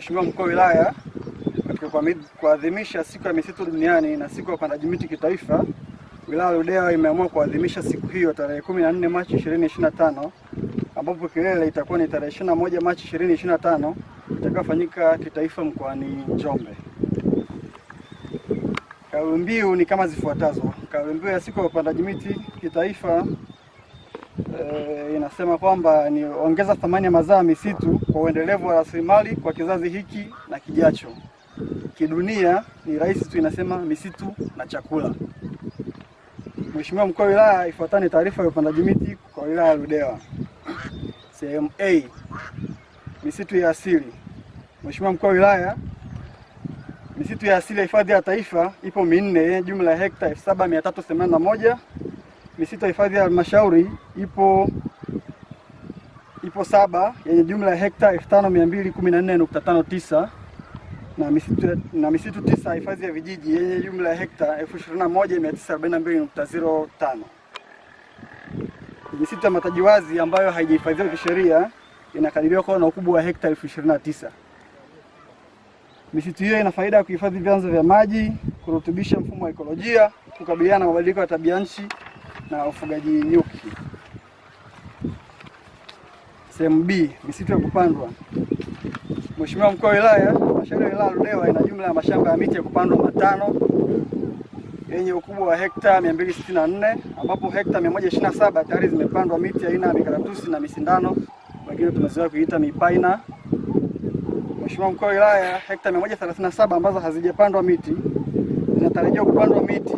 Mheshimiwa Mkuu wa Wilaya katika kuadhimisha siku ya misitu duniani na siku ya upandaji miti kitaifa, wilaya Ludewa imeamua kuadhimisha siku hiyo tarehe 14 Machi 2025 ambapo kilele itakuwa ni tarehe 21 Machi 2025 itakayofanyika kitaifa mkoani Njombe. Kauli mbiu ni kama zifuatazo. Kauli mbiu ya siku ya upandaji miti kitaifa e, anasema kwamba ni ongeza thamani ya mazao ya misitu kwa uendelevu wa rasilimali kwa kizazi hiki na kijacho. Kidunia ni rahisi tu inasema misitu na chakula. Mheshimiwa mkuu wa wilaya, ifuatane taarifa ya upandaji miti kwa wilaya ya Ludewa. Sehemu A, misitu ya asili. Mheshimiwa mkuu wa wilaya, misitu ya asili ya hifadhi ya taifa ipo minne yenye jumla ya hekta 7381. Misitu ya hifadhi ya halmashauri ipo ipo saba yenye jumla ya hekta 5214.59 na misitu, na misitu tisa hifadhi ya vijiji yenye jumla ya hekta 21942.05. Misitu ya mataji wazi ambayo haijahifadhiwa kisheria inakadiriwa kuwa na ukubwa wa hekta 29. Misitu hiyo ina faida ya kuhifadhi vyanzo vya maji, kurutubisha mfumo wa ekolojia, kukabiliana na mabadiliko ya tabia nchi na ufugaji nyuki sehemu B, misitu ya kupandwa. Mheshimiwa mkuu wa wilaya, halmashauri ya wilaya Ludewa ina jumla ya mashamba ya miti ya kupandwa matano yenye ukubwa wa hekta 264 ambapo hekta 127 tayari zimepandwa miti aina ya mikaratusi na misindano, wengine tumezoea kuiita mipaina. Mheshimiwa mkuu wa wilaya, hekta 137 ambazo hazijapandwa miti zinatarajiwa kupandwa miti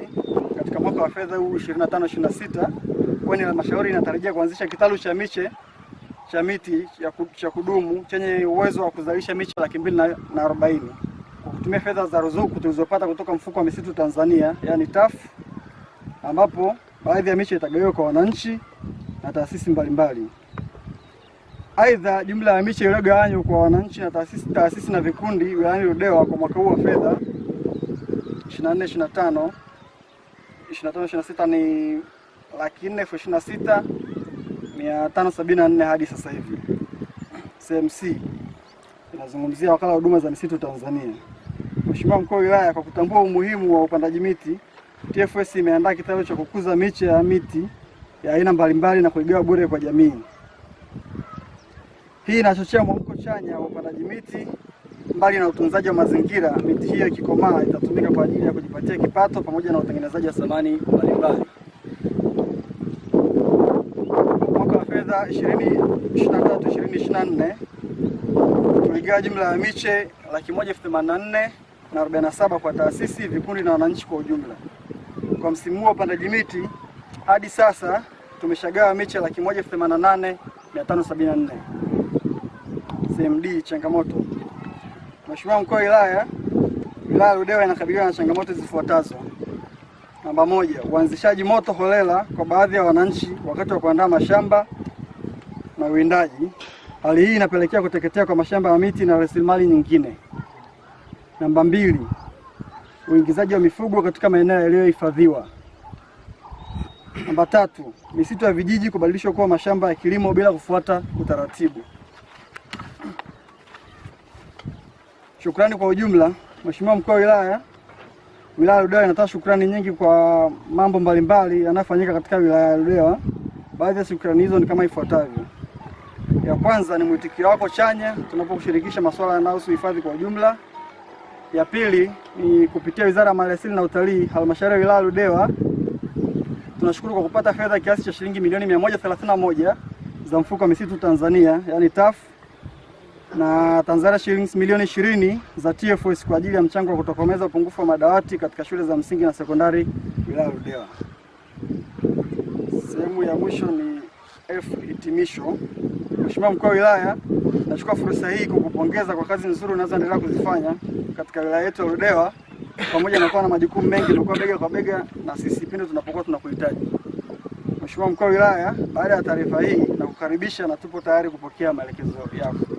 katika mwaka wa fedha huu 25 26, kwani halmashauri inatarajia kuanzisha kitalu cha miche cha miti cha kudumu chenye uwezo wa kuzalisha miche laki mbili na arobaini kwa kutumia fedha za ruzuku tulizopata kutoka mfuko wa misitu Tanzania, yani TAF, ambapo baadhi ya miche itagawiwa kwa wananchi na taasisi mbalimbali. Aidha, jumla ya miche iliyogawanywa kwa wananchi na taasisi, taasisi na vikundi wilayani Ludewa kwa mwaka huu wa fedha 24 25 25 26 ni laki nne elfu ishirini na sita 574 hadi sasa hivi. CMC inazungumzia wakala wa huduma za misitu Tanzania. Mheshimiwa mkuu wa wilaya, kwa kutambua umuhimu wa upandaji miti, TFS imeandaa kitabu cha kukuza miche ya miti ya aina mbalimbali na kuigawa bure kwa jamii. Hii inachochea mwamko chanya wa upandaji miti. Mbali na utunzaji wa mazingira, miti hiyo ikikomaa itatumika kwa ajili ya kujipatia kipato pamoja na utengenezaji wa samani mbalimbali. kwanza 2023/2024 tuligawa jumla ya miche laki moja elfu themanini na nne na arobaini na saba kwa taasisi, vikundi na wananchi kwa ujumla. Kwa msimu huu wa upandaji miti hadi sasa tumeshagawa miche laki moja elfu themanini na nane mia tano sabini na nne. CMD changamoto. Mheshimiwa mkuu wa wilaya, wilaya Ludewa inakabiliwa na changamoto zifuatazo. Namba moja, uanzishaji moto holela kwa baadhi ya wananchi wakati wa kuandaa mashamba na uwindaji. Hali hii inapelekea kuteketea kwa mashamba ya miti na rasilimali nyingine. Namba mbili, uingizaji wa mifugo katika maeneo yaliyohifadhiwa. Namba tatu, misitu ya vijiji kubadilishwa kuwa mashamba ya kilimo bila kufuata utaratibu. Shukrani kwa ujumla. Mheshimiwa Mkuu wa Wilaya, wilaya ya Ludewa inatoa shukrani nyingi kwa mambo mbalimbali yanayofanyika katika wilaya ya Ludewa. Baadhi ya shukrani hizo ni kama ifuatavyo. Ya kwanza ni mwitikio wako chanya tunapokushirikisha masuala yanayohusu hifadhi kwa ujumla. Ya pili ni kupitia Wizara ya Maliasili na Utalii, Halmashauri ya Wilaya Ludewa, tunashukuru kwa kupata fedha kiasi cha shilingi milioni 131 za mfuko wa misitu Tanzania, yani TAF na Tanzania shillings milioni 20 za TFS kwa ajili ya mchango wa kutokomeza upungufu wa madawati katika shule za msingi na sekondari wilaya Ludewa. Sehemu ya mwisho ni F hitimisho. Mheshimiwa mkuu wa wilaya, nachukua fursa hii kukupongeza kwa kazi nzuri unazoendelea kuzifanya katika wilaya yetu ya Ludewa, pamoja na kuwa na majukumu mengi, umekuwa bega kwa bega na sisi pindi tunapokuwa tunakuhitaji. Mheshimiwa mkuu wa wilaya, baada ya taarifa hii na kukaribisha na tupo tayari kupokea maelekezo yako.